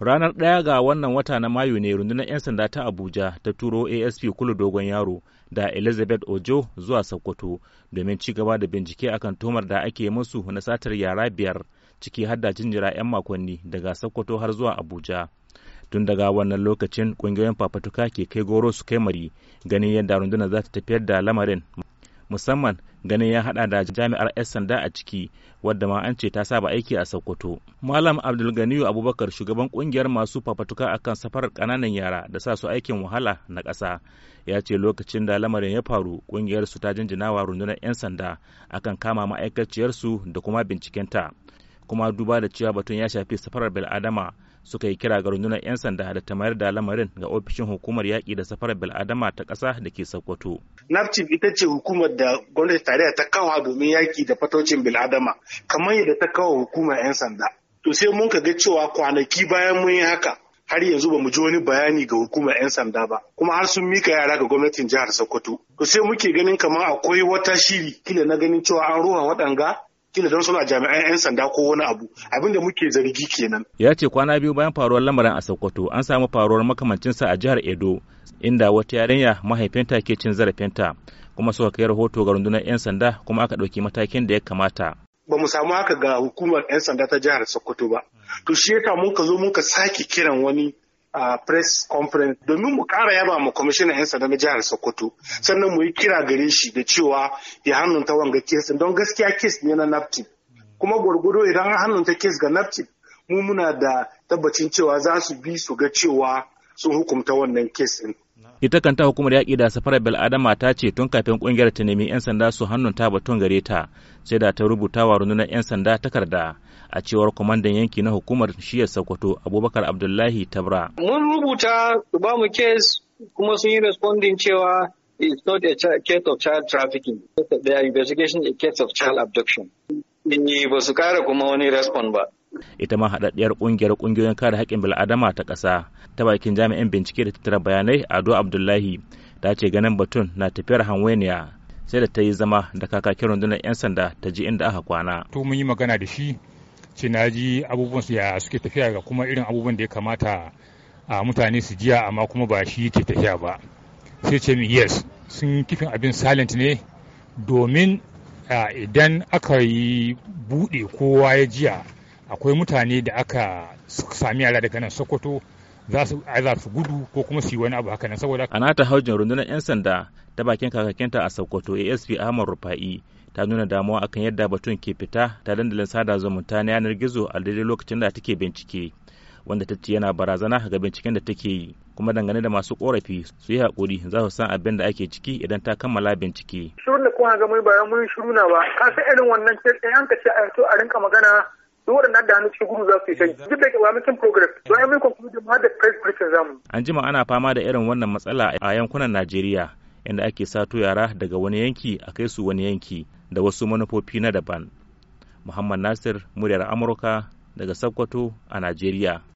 Ranar ɗaya ga wannan wata na Mayu ne rundunar 'yan sanda ta Abuja ta turo ASP Kulu Dogon Yaro da Elizabeth Ojo zuwa Sokoto domin ci gaba da bincike akan tomar da ake musu na satar yara biyar ciki har da jinjira 'yan makonni daga Sokoto har zuwa Abuja. Tun daga wannan lokacin ƙungiyoyin fafatuka ke kai goro su kai mari ganin yadda rundunar za ta tafiyar da lamarin musamman ganin ya hada da jami'ar 'yan sanda a ciki wadda ma an ce ta saba aiki a sokoto malam abdulganiyu abubakar shugaban kungiyar masu fafatuka akan safarar kananan yara da sa su aikin wahala na ƙasa ya ce lokacin da lamarin ya faru kungiyar su ta jinjina wa rundunar 'yan sanda akan kama ma'aikaciyar su da kuma bincikenta kuma duba da cewa batun ya shafi safarar bil'adama suka yi kira ga rundunar 'yan sanda da ta da lamarin ga ofishin hukumar yaƙi da safarar bil'adama ta ƙasa da ke sakkwato NAPCIP ita ce hukumar da gwamnati tarayya ta kawo domin yaƙi da fatocin bil'adama kamar yadda ta kawo hukumar 'yan sanda. To sai mun ga cewa kwanaki bayan mun yi haka har yanzu ba mu ji wani bayani ga hukumar 'yan sanda ba kuma har sun mika yara ga gwamnatin jihar Sokoto. To sai muke ganin kamar akwai wata shiri kila na ganin cewa an ruwa waɗanga kila don suna jami'an 'yan sanda ko wani abu abin da muke zargi kenan. Ya ce kwana biyu bayan faruwar lamarin a Sokoto an samu faruwar makamancinsa a jihar Edo inda wata yarinya mahaifinta ke cin zarafinta kuma suka kai rahoto ga rundunar 'yan sanda kuma aka ɗauki matakin da ya kamata. Ba mu samu haka ga hukumar 'yan sanda ta jihar Sokoto ba. To shi ya mun ka zo mun ka sake kiran wani a press conference domin mu kara yaba mu kwamishinan 'yan sanda na jihar Sokoto sannan mu yi kira gare shi da cewa ya hannunta wanga kesin don gaskiya kes ne na naptip kuma gwargwado idan an hannunta kes ga naptip mu muna da tabbacin cewa za su bi su ga cewa sun hukumta wannan kes ɗin. ita kanta hukumar yaƙi da safarar bil'adama ta ce tun kafin ƙungiyar ta nemi 'yan sanda su hannun ta batun gare ta sai da ta rubuta wa rundunar 'yan sanda takarda a cewar kwamandan yanki na hukumar shiya sokoto abubakar abdullahi tabra mun rubuta su ba mu kes kuma sun yi responding cewa it's not a case of child trafficking it's a, investigation a case of child abduction Eh, ba su kara kuma wani respon ba ita ma haɗaɗɗiyar ƙungiyar ƙungiyoyin kare haƙƙin bil'adama ta ƙasa ta bakin jami'in bincike da tattara bayanai ado abdullahi ta ce ganin batun na tafiyar hanweniya sai da ta yi zama da kakakin rundunar 'yan sanda ta ji inda aka kwana to mun yi magana da shi ce na ji abubuwan su ya suke tafiya ga kuma irin abubuwan da ya kamata a mutane su jiya amma kuma ba shi ke tafiya ba sai ce min yes sun kifin abin silent ne domin idan aka yi buɗe kowa ya jiya akwai mutane da aka sami yara daga nan sokoto za su aiza su gudu ko kuma su yi wani abu haka nan saboda a nata haujin rundunar 'yan sanda ta bakin kakakinta a sokoto asp ahmad rufa'i ta nuna damuwa akan yadda batun ke fita ta dandalin sada zumunta na yanar gizo a daidai lokacin da take bincike wanda ta ce yana barazana ga binciken da take yi kuma dangane da masu korafi su yi hakuri za su san abin da ake ciki idan ta kammala bincike. Shirin da kuma ga mai bayan mun shiru na ba ka san irin wannan ce ɗaya ka ce a yanzu a rinka magana duk waɗannan da hannu cikin gudu za su yi kai duk da ke mutum progress to ai mun conclude ma da press briefing zamu. An jima ana fama da irin wannan matsala a yankunan Najeriya inda ake sato yara daga wani yanki a kai su wani yanki da wasu manufofi na daban. Muhammad Nasir, muryar Amurka daga Sokoto a Najeriya.